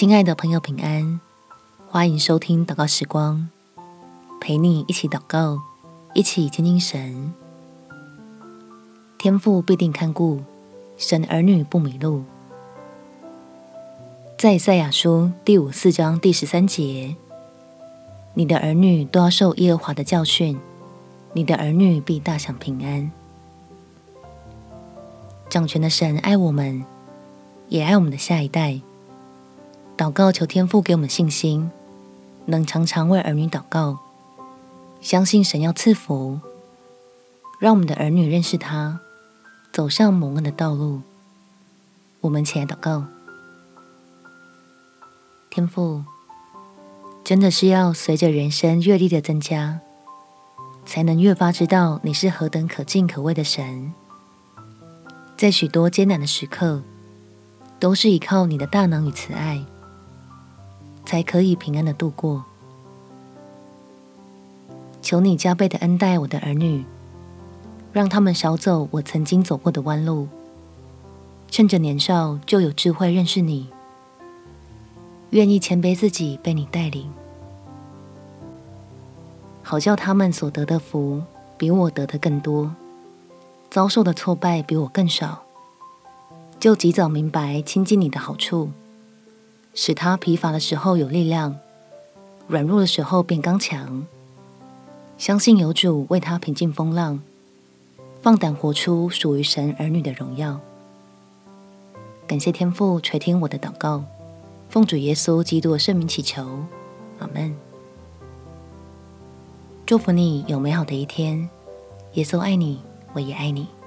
親愛的朋友，平安！歡迎收聽禱告時光，陪你一起禱告，一起親近神。天父必定看顧，神兒女不迷路。在賽亞書第五四章第十三節，你的兒女都要受耶和華的教訓，你的兒女必大享平安。掌權的神愛我們，也愛我們的下一代。禱告求天父給我們信心，能常常為兒女禱告，相信神要賜福，讓我們的兒女認識他，走上蒙恩的道路。我們起來禱告。天父，真的是要隨着人生閱歷的增加，才能越發知道你是何等可敬可畏的神，在許多艱難的時刻，都是依靠你的大能與慈愛。才可以平安的度過。求你加倍的恩待我的兒女，讓他們少走我曾經走過的彎路。趁着年少就有智慧認識你，願意謙卑自己被你帶領，好叫他們所得的福比我得的更多，遭受的挫敗比我更少，就及早明白親近你的好處。使他疲乏的時候有力量，軟弱的時候變剛強。相信有主為他平靜風浪，放膽活出屬於神兒女的榮耀。感謝天父垂聽我的禱告，奉主耶穌基督的聖名祈求，阿門。祝福你有美好的一天，耶穌愛你，我也愛你。